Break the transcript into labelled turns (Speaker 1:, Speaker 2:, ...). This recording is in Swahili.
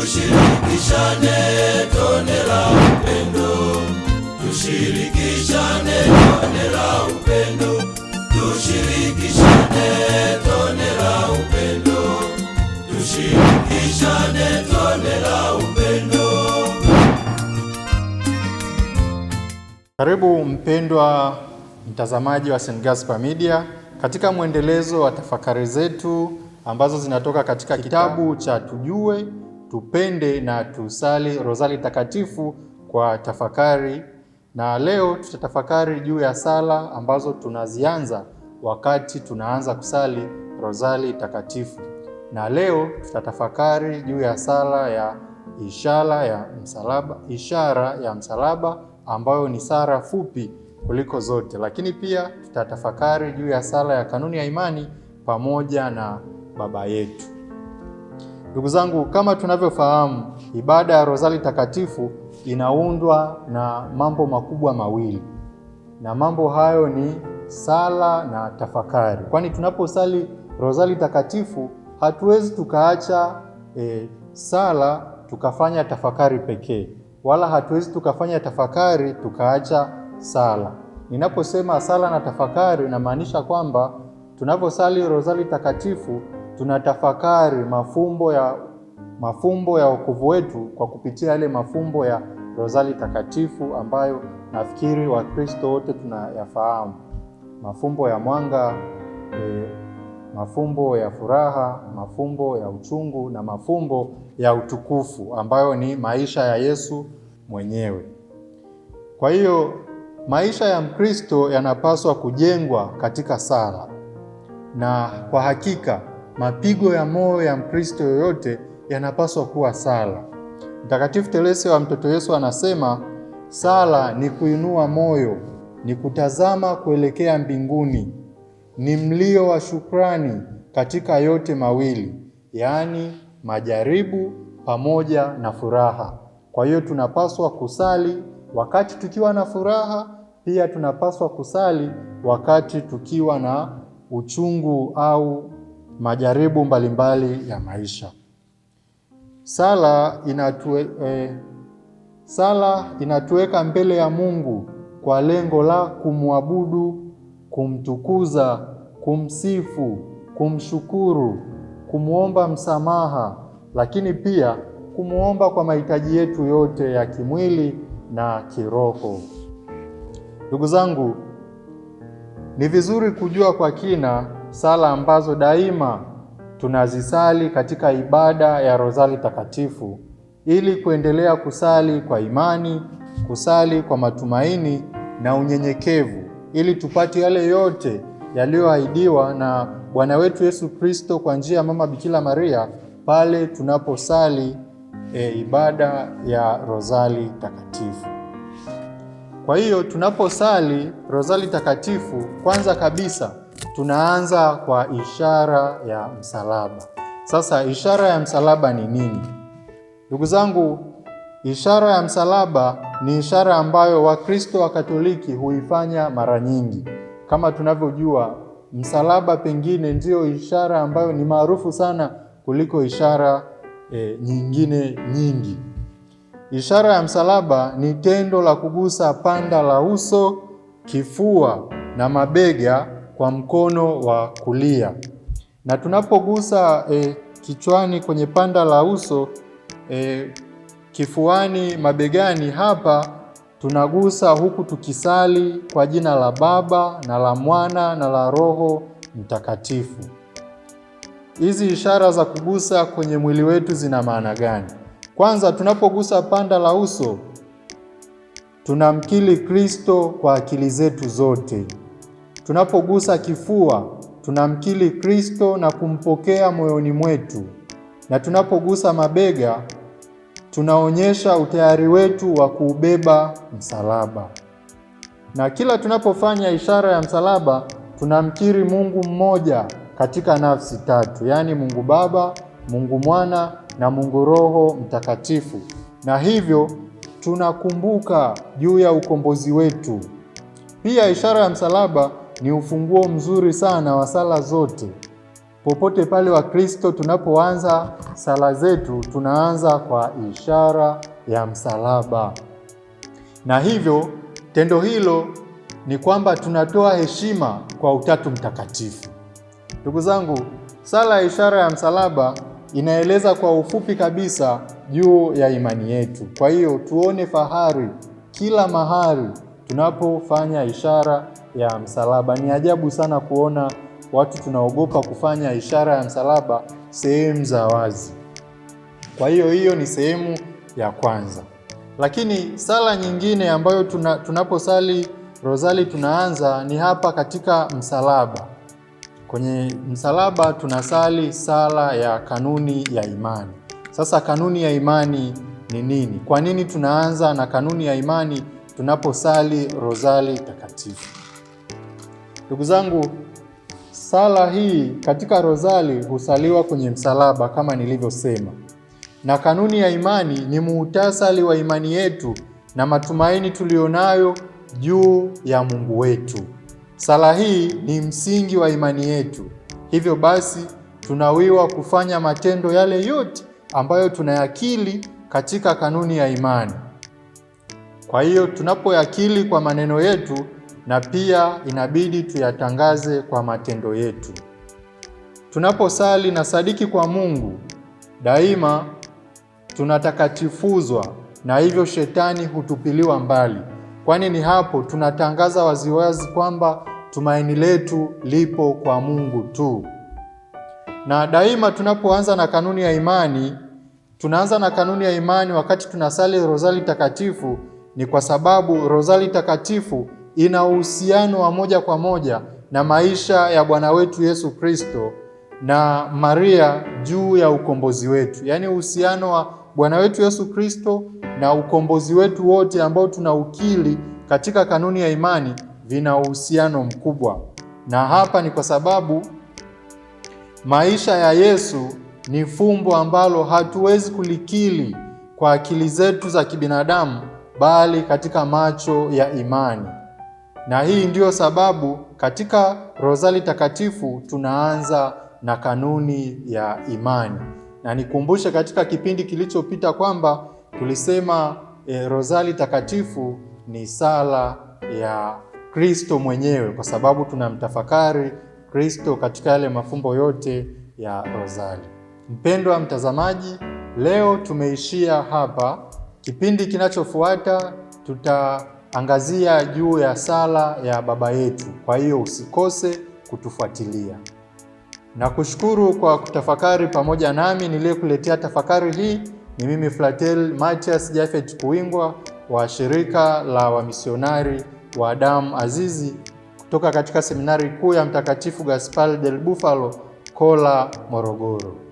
Speaker 1: Tushirikishane tone la upendo, tushirikishane tone la upendo, tushirikishane tone la upendo, tushirikishane tone la upendo. Karibu mpendwa mtazamaji wa St. Gaspar Media katika mwendelezo wa tafakari zetu ambazo zinatoka katika kitabu cha Tujue tupende na tusali rozari takatifu kwa tafakari, na leo tutatafakari juu ya sala ambazo tunazianza wakati tunaanza kusali rozari takatifu, na leo tutatafakari juu ya sala ya ishara ya msalaba, ishara ya msalaba ambayo ni sala fupi kuliko zote, lakini pia tutatafakari juu ya sala ya kanuni ya imani pamoja na Baba yetu. Ndugu zangu, kama tunavyofahamu, ibada ya Rozari Takatifu inaundwa na mambo makubwa mawili, na mambo hayo ni sala na tafakari, kwani tunaposali Rozari Takatifu hatuwezi tukaacha e, sala tukafanya tafakari pekee, wala hatuwezi tukafanya tafakari tukaacha sala. Ninaposema sala na tafakari, inamaanisha kwamba tunaposali Rozari Takatifu tunatafakari mafumbo ya mafumbo ya wokovu wetu kwa kupitia yale mafumbo ya rozali takatifu ambayo nafikiri Wakristo wote tunayafahamu: mafumbo ya mwanga e, mafumbo ya furaha, mafumbo ya uchungu na mafumbo ya utukufu ambayo ni maisha ya Yesu mwenyewe. Kwa hiyo maisha ya Mkristo yanapaswa kujengwa katika sala, na kwa hakika Mapigo ya moyo ya Mkristo yoyote yanapaswa kuwa sala. Mtakatifu Teresa wa Mtoto Yesu anasema sala ni kuinua moyo, ni kutazama kuelekea mbinguni, ni mlio wa shukrani katika yote mawili, yaani majaribu pamoja na furaha. Kwa hiyo tunapaswa kusali wakati tukiwa na furaha, pia tunapaswa kusali wakati tukiwa na uchungu au majaribu mbalimbali ya maisha. Sala inatue, eh, sala inatuweka mbele ya Mungu kwa lengo la kumwabudu, kumtukuza, kumsifu, kumshukuru, kumwomba msamaha, lakini pia kumwomba kwa mahitaji yetu yote ya kimwili na kiroho. Ndugu zangu, ni vizuri kujua kwa kina sala ambazo daima tunazisali katika ibada ya Rozari Takatifu ili kuendelea kusali kwa imani, kusali kwa matumaini na unyenyekevu ili tupate yale yote yaliyoahidiwa na Bwana wetu Yesu Kristo kwa njia ya Mama Bikira Maria pale tunaposali e, ibada ya Rozari Takatifu. Kwa hiyo tunaposali Rozari Takatifu kwanza kabisa Tunaanza kwa ishara ya msalaba. Sasa ishara ya msalaba ni nini? Ndugu zangu, ishara ya msalaba ni ishara ambayo Wakristo wa Katoliki huifanya mara nyingi. Kama tunavyojua, msalaba pengine ndiyo ishara ambayo ni maarufu sana kuliko ishara e, nyingine nyingi. Ishara ya msalaba ni tendo la kugusa panda la uso, kifua na mabega kwa mkono wa kulia, na tunapogusa e, kichwani kwenye panda la uso e, kifuani, mabegani, hapa tunagusa huku tukisali kwa jina la Baba na la Mwana na la Roho Mtakatifu. Hizi ishara za kugusa kwenye mwili wetu zina maana gani? Kwanza, tunapogusa panda la uso tunamkili Kristo kwa akili zetu zote. Tunapogusa kifua, tunamkili Kristo na kumpokea moyoni mwetu, na tunapogusa mabega, tunaonyesha utayari wetu wa kuubeba msalaba. Na kila tunapofanya ishara ya msalaba, tunamkiri Mungu mmoja katika nafsi tatu, yaani Mungu Baba, Mungu Mwana na Mungu Roho Mtakatifu. Na hivyo tunakumbuka juu ya ukombozi wetu. Pia ishara ya msalaba ni ufunguo mzuri sana wa sala zote. Popote pale Wakristo tunapoanza sala zetu, tunaanza kwa ishara ya msalaba, na hivyo tendo hilo ni kwamba tunatoa heshima kwa Utatu Mtakatifu. Ndugu zangu, sala ya ishara ya msalaba inaeleza kwa ufupi kabisa juu ya imani yetu. Kwa hiyo tuone fahari kila mahali tunapofanya ishara ya msalaba. Ni ajabu sana kuona watu tunaogopa kufanya ishara ya msalaba sehemu za wazi. Kwa hiyo hiyo ni sehemu ya kwanza, lakini sala nyingine ambayo tuna, tunaposali rozali tunaanza ni hapa katika msalaba. Kwenye msalaba tunasali sala ya kanuni ya imani. Sasa kanuni ya imani ni nini? Kwa nini tunaanza na kanuni ya imani tunaposali rozali takatifu? Ndugu zangu, sala hii katika rozali husaliwa kwenye msalaba kama nilivyosema, na kanuni ya imani ni muhtasari wa imani yetu na matumaini tuliyonayo juu ya Mungu wetu. Sala hii ni msingi wa imani yetu. Hivyo basi, tunawiwa kufanya matendo yale yote ambayo tunayakili katika kanuni ya imani. Kwa hiyo tunapoyakili kwa maneno yetu na pia inabidi tuyatangaze kwa matendo yetu. Tunaposali na sadiki kwa Mungu, daima tunatakatifuzwa na hivyo shetani hutupiliwa mbali, kwani ni hapo tunatangaza waziwazi kwamba tumaini letu lipo kwa Mungu tu. Na daima tunapoanza na kanuni ya imani, tunaanza na kanuni ya imani wakati tunasali rozali Takatifu, ni kwa sababu rozali Takatifu ina uhusiano wa moja kwa moja na maisha ya Bwana wetu Yesu Kristo na Maria juu ya ukombozi wetu, yaani uhusiano wa Bwana wetu Yesu Kristo na ukombozi wetu wote ambao tunaukili katika kanuni ya imani vina uhusiano mkubwa. Na hapa ni kwa sababu maisha ya Yesu ni fumbo ambalo hatuwezi kulikili kwa akili zetu za kibinadamu, bali katika macho ya imani. Na hii ndiyo sababu katika Rozari Takatifu tunaanza na kanuni ya imani, na nikumbushe katika kipindi kilichopita kwamba tulisema e, eh, Rozari Takatifu ni sala ya Kristo mwenyewe, kwa sababu tunamtafakari Kristo katika yale mafumbo yote ya Rozari. Mpendwa mtazamaji, leo tumeishia hapa. Kipindi kinachofuata tuta angazia juu ya sala ya Baba yetu. Kwa hiyo usikose kutufuatilia. Nakushukuru kwa kutafakari pamoja nami. Niliyekuletea tafakari hii ni mimi Flatel Matias Jafet Kuingwa wa shirika la wamisionari wa damu azizi kutoka katika seminari kuu ya Mtakatifu Gaspar del Bufalo Kola, Morogoro.